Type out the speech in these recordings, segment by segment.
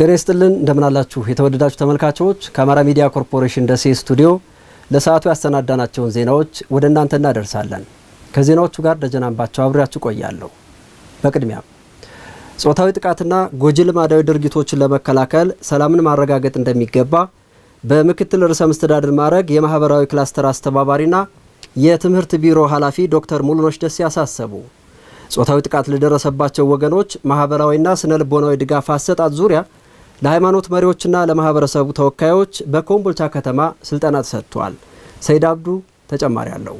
ጤና ይስጥልን እንደምናላችሁ የተወደዳችሁ ተመልካቾች ከአማራ ሚዲያ ኮርፖሬሽን ደሴ ስቱዲዮ ለሰዓቱ ያሰናዳናቸውን ዜናዎች ወደ እናንተ እናደርሳለን። ከዜናዎቹ ጋር ደጀናንባቸው አብሬያችሁ ቆያለሁ። በቅድሚያ ጾታዊ ጥቃትና ጎጂ ልማዳዊ ድርጊቶችን ለመከላከል ሰላምን ማረጋገጥ እንደሚገባ በምክትል ርዕሰ መስተዳድር ማዕረግ የማህበራዊ ክላስተር አስተባባሪና የትምህርት ቢሮ ኃላፊ ዶክተር ሙሉኖች ደሴ አሳሰቡ። ጾታዊ ጥቃት ለደረሰባቸው ወገኖች ማህበራዊና ስነ ልቦናዊ ድጋፍ አሰጣጥ ዙሪያ ለሃይማኖት መሪዎችና ለማህበረሰቡ ተወካዮች በኮምቦልቻ ከተማ ስልጠና ተሰጥቷል። ሰይድ አብዱ ተጨማሪ አለው።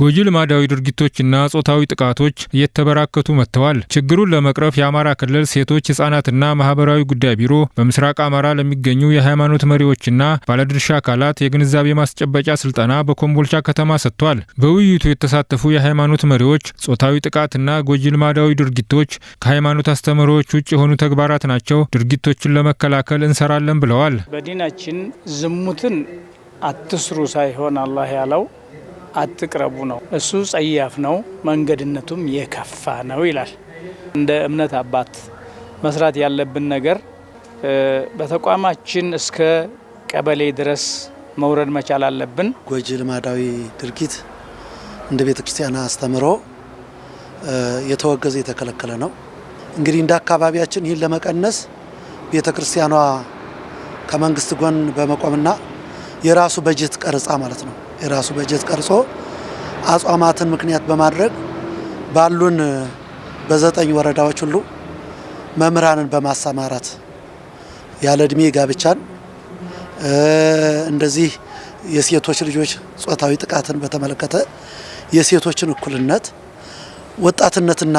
ጎጂ ልማዳዊ ድርጊቶችና ጾታዊ ጥቃቶች እየተበራከቱ መጥተዋል። ችግሩን ለመቅረፍ የአማራ ክልል ሴቶች ህጻናትና ማህበራዊ ጉዳይ ቢሮ በምስራቅ አማራ ለሚገኙ የሃይማኖት መሪዎችና ባለድርሻ አካላት የግንዛቤ ማስጨበጫ ስልጠና በኮምቦልቻ ከተማ ሰጥቷል። በውይይቱ የተሳተፉ የሃይማኖት መሪዎች ጾታዊ ጥቃትና ጎጂ ልማዳዊ ድርጊቶች ከሃይማኖት አስተምህሮዎች ውጭ የሆኑ ተግባራት ናቸው፣ ድርጊቶችን ለመከላከል እንሰራለን ብለዋል። በዲናችን ዝሙትን አትስሩ ሳይሆን አላህ ያለው አትቅረቡ ነው። እሱ ጸያፍ ነው፣ መንገድነቱም የከፋ ነው ይላል። እንደ እምነት አባት መስራት ያለብን ነገር በተቋማችን እስከ ቀበሌ ድረስ መውረድ መቻል አለብን። ጎጂ ልማዳዊ ድርጊት እንደ ቤተ ክርስቲያን አስተምሮ የተወገዘ የተከለከለ ነው። እንግዲህ እንደ አካባቢያችን ይህን ለመቀነስ ቤተ ክርስቲያኗ ከመንግስት ጎን በመቆምና የራሱ በጀት ቀረጻ ማለት ነው የራሱ በጀት ቀርጾ አጽዋማትን ምክንያት በማድረግ ባሉን በዘጠኝ ወረዳዎች ሁሉ መምህራንን በማሰማራት ያለ እድሜ ጋብቻን እንደዚህ የሴቶች ልጆች ጾታዊ ጥቃትን በተመለከተ የሴቶችን እኩልነት ወጣትነትና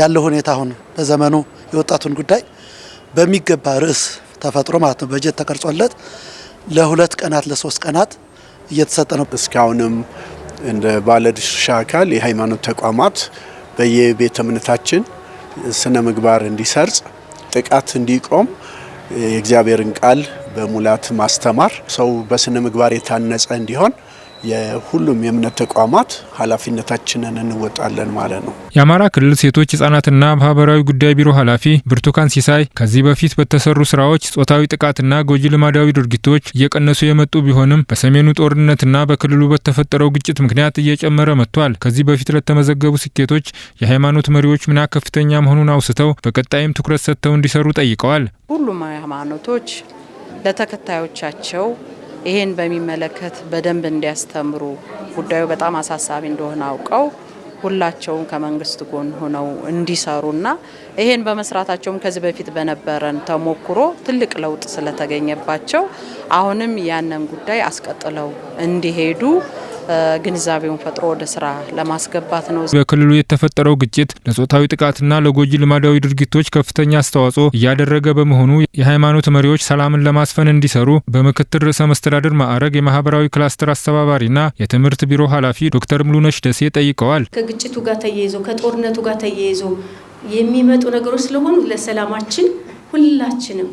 ያለ ሁኔታ አሁን በዘመኑ የወጣቱን ጉዳይ በሚገባ ርዕስ ተፈጥሮ ማለት ነው። በጀት ተቀርጾለት ለሁለት ቀናት ለሶስት ቀናት እየተሰጠ ነው። እስካሁንም እንደ ባለድርሻ አካል የሃይማኖት ተቋማት በየቤተ እምነታችን ስነ ምግባር እንዲሰርጽ፣ ጥቃት እንዲቆም የእግዚአብሔርን ቃል በሙላት ማስተማር ሰው በስነ ምግባር የታነጸ እንዲሆን የሁሉም የእምነት ተቋማት ኃላፊነታችንን እንወጣለን ማለት ነው። የአማራ ክልል ሴቶች ህጻናትና ማህበራዊ ጉዳይ ቢሮ ኃላፊ ብርቱካን ሲሳይ ከዚህ በፊት በተሰሩ ስራዎች ጾታዊ ጥቃትና ጎጂ ልማዳዊ ድርጊቶች እየቀነሱ የመጡ ቢሆንም በሰሜኑ ጦርነትና በክልሉ በተፈጠረው ግጭት ምክንያት እየጨመረ መጥቷል። ከዚህ በፊት ለተመዘገቡ ስኬቶች የሃይማኖት መሪዎች ሚና ከፍተኛ መሆኑን አውስተው በቀጣይም ትኩረት ሰጥተው እንዲሰሩ ጠይቀዋል። ሁሉም ሃይማኖቶች ለተከታዮቻቸው ይሄን በሚመለከት በደንብ እንዲያስተምሩ ጉዳዩ በጣም አሳሳቢ እንደሆነ አውቀው ሁላቸውም ከመንግስት ጎን ሆነው እንዲሰሩና ይሄን በመስራታቸውም ከዚህ በፊት በነበረን ተሞክሮ ትልቅ ለውጥ ስለተገኘባቸው አሁንም ያንን ጉዳይ አስቀጥለው እንዲሄዱ ግንዛቤውን ፈጥሮ ወደ ስራ ለማስገባት ነው። በክልሉ የተፈጠረው ግጭት ለጾታዊ ጥቃትና ለጎጂ ልማዳዊ ድርጊቶች ከፍተኛ አስተዋጽኦ እያደረገ በመሆኑ የሃይማኖት መሪዎች ሰላምን ለማስፈን እንዲሰሩ በምክትል ርዕሰ መስተዳድር ማዕረግ የማህበራዊ ክላስተር አስተባባሪና የትምህርት ቢሮ ኃላፊ ዶክተር ሙሉነሽ ደሴ ጠይቀዋል። ከግጭቱ ጋር ተያይዞ ከጦርነቱ ጋር ተያይዞ የሚመጡ ነገሮች ስለሆኑ ለሰላማችን ሁላችንም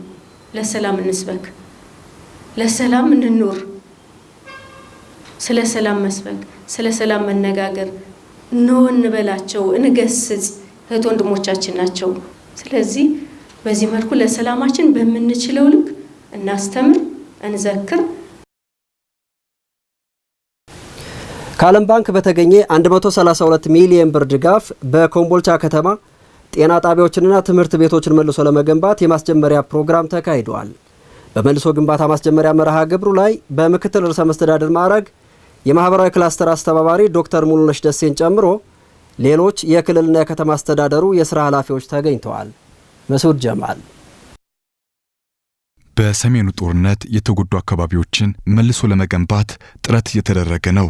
ለሰላም እንስበክ፣ ለሰላም እንኖር ስለ ሰላም መስበክ፣ ስለ ሰላም መነጋገር፣ ነው። እንበላቸው፣ እንገስጽ እህት ወንድሞቻችን ናቸው። ስለዚህ በዚህ መልኩ ለሰላማችን በምንችለው ልክ እናስተምር፣ እንዘክር። ከዓለም ባንክ በተገኘ 132 ሚሊዮን ብር ድጋፍ በኮምቦልቻ ከተማ ጤና ጣቢያዎችንና ትምህርት ቤቶችን መልሶ ለመገንባት የማስጀመሪያ ፕሮግራም ተካሂዷል። በመልሶ ግንባታ ማስጀመሪያ መርሃ ግብሩ ላይ በምክትል ርዕሰ መስተዳድር ማዕረግ የማህበራዊ ክላስተር አስተባባሪ ዶክተር ሙሉነሽ ደሴን ጨምሮ ሌሎች የክልልና የከተማ አስተዳደሩ የስራ ኃላፊዎች ተገኝተዋል። መስዑድ ጀማል በሰሜኑ ጦርነት የተጎዱ አካባቢዎችን መልሶ ለመገንባት ጥረት እየተደረገ ነው።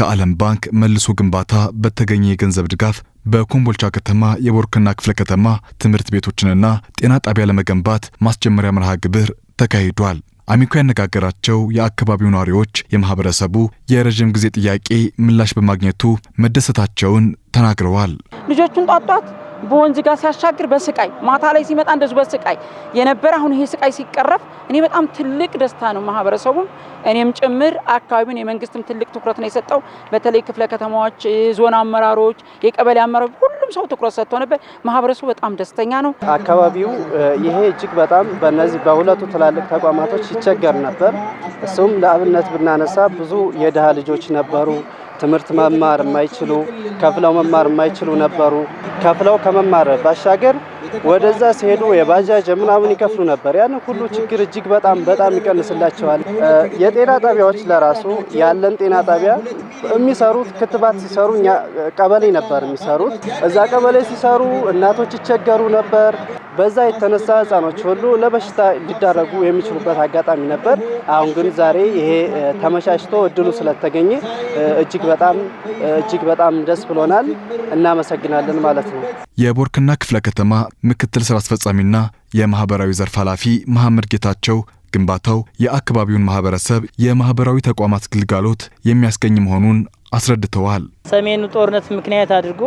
ከዓለም ባንክ መልሶ ግንባታ በተገኘ የገንዘብ ድጋፍ በኮምቦልቻ ከተማ የቦርክና ክፍለ ከተማ ትምህርት ቤቶችንና ጤና ጣቢያ ለመገንባት ማስጀመሪያ መርሃ ግብር ተካሂዷል። አሚኮ ያነጋገራቸው የአካባቢው ነዋሪዎች የማህበረሰቡ የረዥም ጊዜ ጥያቄ ምላሽ በማግኘቱ መደሰታቸውን ተናግረዋል። ልጆቹን ጧጧት በወንዝ ጋር ሲያሻግር በስቃይ ማታ ላይ ሲመጣ እንደዚሁ በስቃይ የነበረ አሁን ይሄ ስቃይ ሲቀረፍ እኔ በጣም ትልቅ ደስታ ነው። ማህበረሰቡም እኔም ጭምር አካባቢውን የመንግስትም ትልቅ ትኩረት ነው የሰጠው። በተለይ ክፍለ ከተማዎች፣ ዞን አመራሮች፣ የቀበሌ አመራሮች ሁሉም ሰው ትኩረት ሰጥቶ ነበር። ማህበረሰቡ በጣም ደስተኛ ነው። አካባቢው ይሄ እጅግ በጣም በነዚህ በሁለቱ ትላልቅ ተቋማቶች ይቸገር ነበር። እሱም ለአብነት ብናነሳ ብዙ የድሃ ልጆች ነበሩ። ትምህርት መማር የማይችሉ ከፍለው መማር የማይችሉ ነበሩ። ከፍለው ከመማር ባሻገር ወደዛ ሲሄዱ የባጃጅ ምናምን ይከፍሉ ነበር። ያንን ሁሉ ችግር እጅግ በጣም በጣም ይቀንስላቸዋል። የጤና ጣቢያዎች ለራሱ ያለን ጤና ጣቢያ የሚሰሩት ክትባት ሲሰሩ እኛ ቀበሌ ነበር የሚሰሩት። እዛ ቀበሌ ሲሰሩ እናቶች ይቸገሩ ነበር። በዛ የተነሳ ህጻኖች ሁሉ ለበሽታ ሊዳረጉ የሚችሉበት አጋጣሚ ነበር። አሁን ግን ዛሬ ይሄ ተመቻችቶ እድሉ ስለተገኘ እጅግ በጣም እጅግ በጣም ደስ ብሎናል። እናመሰግናለን ማለት ነው። የቦርክና ክፍለ ከተማ ምክትል ስራ አስፈጻሚና የማህበራዊ ዘርፍ ኃላፊ መሐመድ ጌታቸው ግንባታው የአካባቢውን ማህበረሰብ የማህበራዊ ተቋማት ግልጋሎት የሚያስገኝ መሆኑን አስረድተዋል። ሰሜኑ ጦርነት ምክንያት አድርጎ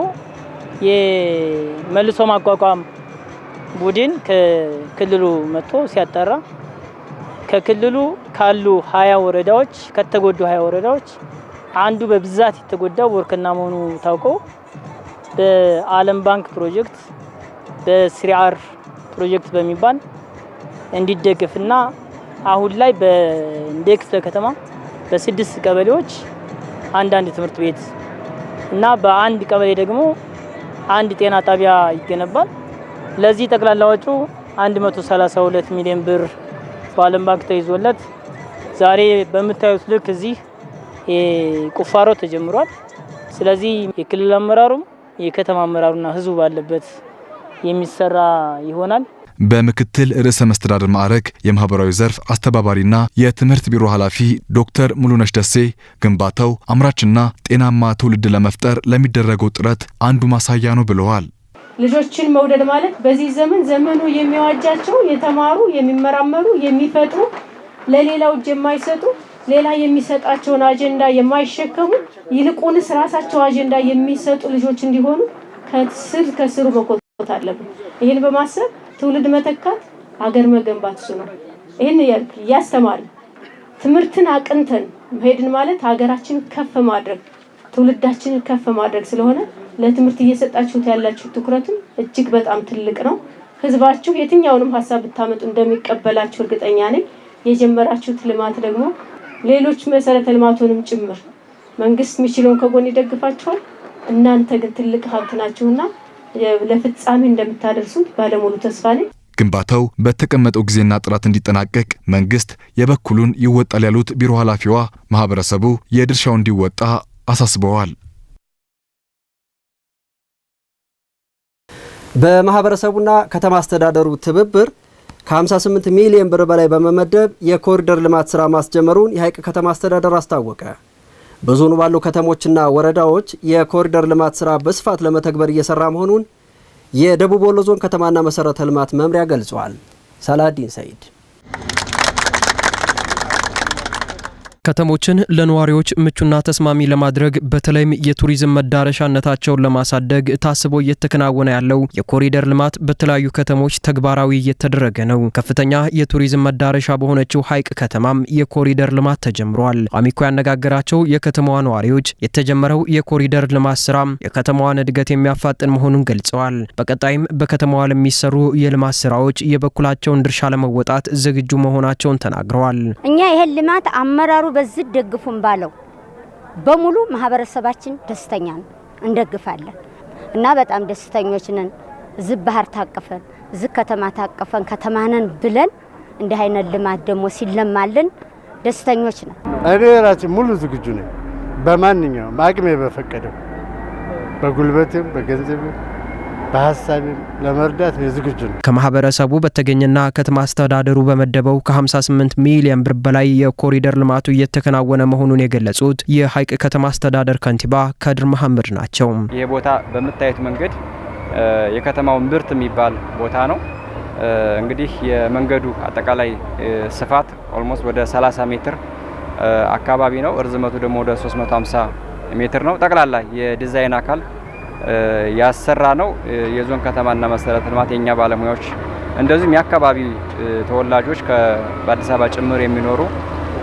የመልሶ ማቋቋም ቡድን ከክልሉ መጥቶ ሲያጠራ ከክልሉ ካሉ ሀያ ወረዳዎች ከተጎዱ ሀያ ወረዳዎች አንዱ በብዛት የተጎዳው ወርቅና መሆኑ ታውቆ በዓለም ባንክ ፕሮጀክት በስሪአር ፕሮጀክት በሚባል እና አሁን ላይ እንደ ክፍለ ከተማ በስድስት ቀበሌዎች አንዳንድ ትምህርት ቤት እና በአንድ ቀበሌ ደግሞ አንድ ጤና ጣቢያ ይገነባል። ለዚህ ጠቅላላ ወጪው 132 ሚሊዮን ብር በዓለም ባንክ ተይዞለት ዛሬ በምታዩት ልክ እዚህ ቁፋሮ ተጀምሯል። ስለዚህ የክልል አመራሩም የከተማ አመራሩና ህዝቡ ባለበት የሚሰራ ይሆናል። በምክትል ርዕሰ መስተዳድር ማዕረግ የማህበራዊ ዘርፍ አስተባባሪና የትምህርት ቢሮ ኃላፊ ዶክተር ሙሉነሽ ደሴ ግንባታው አምራችና ጤናማ ትውልድ ለመፍጠር ለሚደረገው ጥረት አንዱ ማሳያ ነው ብለዋል። ልጆችን መውደድ ማለት በዚህ ዘመን ዘመኑ የሚዋጃቸው የተማሩ፣ የሚመራመሩ፣ የሚፈጥሩ፣ ለሌላው እጅ የማይሰጡ ሌላ የሚሰጣቸውን አጀንዳ የማይሸከሙ ይልቁንስ ራሳቸው አጀንዳ የሚሰጡ ልጆች እንዲሆኑ ከስር ከስሩ መቆ ማጥቆት አለብን። ይህን በማሰብ ትውልድ መተካት አገር መገንባት እሱ ነው። ይህን እያስተማር ትምህርትን አቅንተን መሄድን ማለት ሀገራችን ከፍ ማድረግ ትውልዳችንን ከፍ ማድረግ ስለሆነ ለትምህርት እየሰጣችሁት ያላችሁ ትኩረትም እጅግ በጣም ትልቅ ነው። ህዝባችሁ የትኛውንም ሀሳብ ብታመጡ እንደሚቀበላችሁ እርግጠኛ ነኝ። የጀመራችሁት ልማት ደግሞ ሌሎች መሰረተ ልማቱንም ጭምር መንግስት የሚችለውን ከጎን ይደግፋችኋል። እናንተ ግን ትልቅ ሀብት ናችሁና ለፍጻሜ እንደምታደርሱት ባለሙሉ ተስፋ ነኝ። ግንባታው በተቀመጠው ጊዜና ጥራት እንዲጠናቀቅ መንግስት የበኩሉን ይወጣል ያሉት ቢሮ ኃላፊዋ ማህበረሰቡ የድርሻው እንዲወጣ አሳስበዋል። በማህበረሰቡና ከተማ አስተዳደሩ ትብብር ከ58 ሚሊዮን ብር በላይ በመመደብ የኮሪደር ልማት ስራ ማስጀመሩን የሀይቅ ከተማ አስተዳደር አስታወቀ። በዞኑ ባሉ ከተሞችና ወረዳዎች የኮሪደር ልማት ስራ በስፋት ለመተግበር እየሰራ መሆኑን የደቡብ ወሎ ዞን ከተማና መሰረተ ልማት መምሪያ ገልጿል። ሰላዲን ሰይድ ከተሞችን ለነዋሪዎች ምቹና ተስማሚ ለማድረግ በተለይም የቱሪዝም መዳረሻነታቸውን ለማሳደግ ታስቦ እየተከናወነ ያለው የኮሪደር ልማት በተለያዩ ከተሞች ተግባራዊ እየተደረገ ነው። ከፍተኛ የቱሪዝም መዳረሻ በሆነችው ሐይቅ ከተማም የኮሪደር ልማት ተጀምሯል። አሚኮ ያነጋገራቸው የከተማዋ ነዋሪዎች የተጀመረው የኮሪደር ልማት ስራም የከተማዋን እድገት የሚያፋጥን መሆኑን ገልጸዋል። በቀጣይም በከተማዋ ለሚሰሩ የልማት ስራዎች የበኩላቸውን ድርሻ ለመወጣት ዝግጁ መሆናቸውን ተናግረዋል። እኛ ይህን ልማት አመራሩ በዚህ ደግፉን ባለው በሙሉ ማህበረሰባችን ደስተኛ ነው። እንደግፋለን እና በጣም ደስተኞች ነን። እዚህ ባህር ታቅፈን እዚህ ከተማ ታቅፈን ከተማነን ብለን እንዲህ አይነት ልማት ደግሞ ሲለማልን ደስተኞች ነን። እኔ ራሴ ሙሉ ዝግጁ ነኝ። በማንኛውም አቅሜ በፈቀደው በጉልበትም በገንዘብም በሀሳብም ለመርዳት ዝግጁ ነው። ከማህበረሰቡ በተገኘና ከተማ አስተዳደሩ በመደበው ከ58 ሚሊዮን ብር በላይ የኮሪደር ልማቱ እየተከናወነ መሆኑን የገለጹት የሀይቅ ከተማ አስተዳደር ከንቲባ ከድር መሐመድ ናቸው። ይህ ቦታ በምታዩት መንገድ የከተማው ምርት የሚባል ቦታ ነው። እንግዲህ የመንገዱ አጠቃላይ ስፋት ኦልሞስት ወደ 30 ሜትር አካባቢ ነው። እርዝመቱ ደግሞ ወደ 350 ሜትር ነው። ጠቅላላ የዲዛይን አካል ያሰራ ነው። የዞን ከተማና መሰረተ ልማት የኛ ባለሙያዎች እንደዚሁም የአካባቢ ተወላጆች በአዲስ አበባ ጭምር የሚኖሩ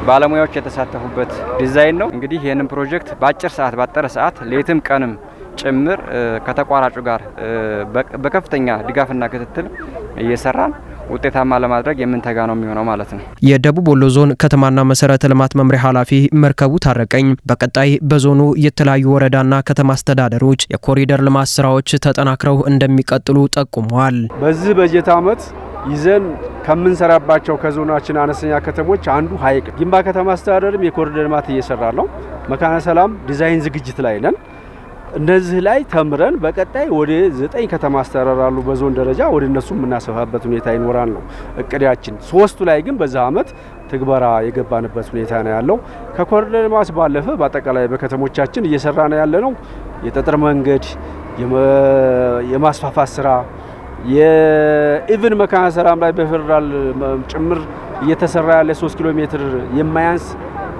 ባለሙያዎች የተሳተፉበት ዲዛይን ነው። እንግዲህ ይህንን ፕሮጀክት በአጭር ሰዓት ባጠረ ሰዓት ሌትም ቀንም ጭምር ከተቋራጩ ጋር በከፍተኛ ድጋፍና ክትትል እየሰራን ውጤታማ ለማድረግ የምንተጋ ነው የሚሆነው ማለት ነው። የደቡብ ወሎ ዞን ከተማና መሰረተ ልማት መምሪያ ኃላፊ መርከቡ ታረቀኝ በቀጣይ በዞኑ የተለያዩ ወረዳና ከተማ አስተዳደሮች የኮሪደር ልማት ስራዎች ተጠናክረው እንደሚቀጥሉ ጠቁመዋል። በዚህ በጀት ዓመት ይዘን ከምንሰራባቸው ከዞናችን አነስተኛ ከተሞች አንዱ ሀይቅ ግንባ ከተማ አስተዳደርም የኮሪደር ልማት እየሰራ ነው። መካነ ሰላም ዲዛይን ዝግጅት ላይ ነን። እነዚህ ላይ ተምረን በቀጣይ ወደ ዘጠኝ ከተማ አስተራራሉ በዞን ደረጃ ወደ እነሱ የምናሰፋበት ሁኔታ ይኖራል ነው እቅዳችን። ሶስቱ ላይ ግን በዛ አመት ትግበራ የገባንበት ሁኔታ ነው ያለው። ከኮሪደር ልማት ባለፈ በአጠቃላይ በከተሞቻችን እየሰራ ነው ያለ ነው የጠጠር መንገድ የማስፋፋት ስራ የኢቭን መካነ ሰላም ላይ በፌደራል ጭምር እየተሰራ ያለ 3 ኪሎ ሜትር የማያንስ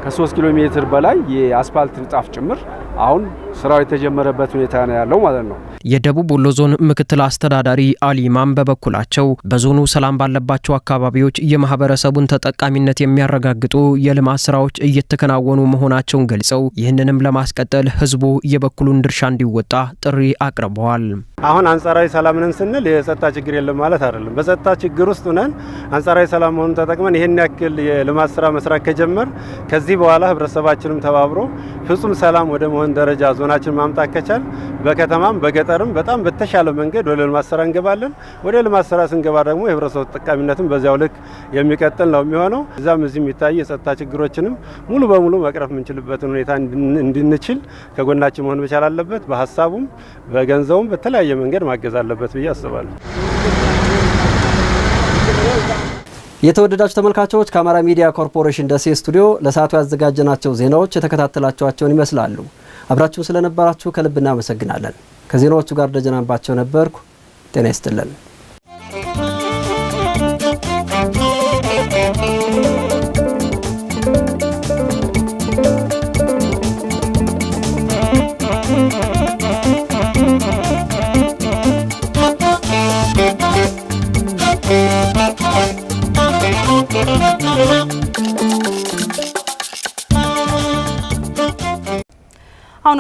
ከሶስት ኪሎ ሜትር በላይ የአስፋልት ንጣፍ ጭምር አሁን ስራው የተጀመረበት ሁኔታ ነው ያለው ማለት ነው። የደቡብ ወሎ ዞን ምክትል አስተዳዳሪ አሊማም በበኩላቸው በዞኑ ሰላም ባለባቸው አካባቢዎች የማህበረሰቡን ተጠቃሚነት የሚያረጋግጡ የልማት ስራዎች እየተከናወኑ መሆናቸውን ገልጸው ይህንንም ለማስቀጠል ህዝቡ የበኩሉን ድርሻ እንዲወጣ ጥሪ አቅርበዋል። አሁን አንጻራዊ ሰላም ነን ስንል የጸጥታ ችግር የለም ማለት አይደለም። በጸጥታ ችግር ውስጥ ሆነን አንጻራዊ ሰላም መሆኑን ተጠቅመን ይህን ያክል የልማት ስራ መስራት ከጀመር ከዚህ በኋላ ህብረተሰባችንም ተባብሮ ፍጹም ሰላም ወደ መሆን ደረጃ ዞናችን ማምጣት ከቻል በከተማም በገጠርም በጣም በተሻለ መንገድ ወደ ልማት ስራ እንገባለን። ወደ ልማት ስራ ስንገባ ደግሞ የህብረተሰቡ ተጠቃሚነትም በዚያው ልክ የሚቀጥል ነው የሚሆነው። እዛም እዚህ የሚታዩ የጸጥታ ችግሮችንም ሙሉ በሙሉ መቅረፍ የምንችልበትን ሁኔታ እንድንችል ከጎናችን መሆን መቻል አለበት። በሀሳቡም በገንዘቡም በተለያየ በተለያየ መንገድ ማገዝ አለበት ብዬ አስባለሁ። የተወደዳችሁ ተመልካቾች ከአማራ ሚዲያ ኮርፖሬሽን ደሴ ስቱዲዮ ለሰዓቱ ያዘጋጀናቸው ዜናዎች የተከታተላችኋቸውን ይመስላሉ። አብራችሁን ስለነበራችሁ ከልብ እናመሰግናለን። ከዜናዎቹ ጋር ደጀናባቸው ነበርኩ። ጤና ይስጥልን።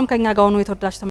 አሁንም ከኛ ጋር ሆኑ የተወደዳችሁ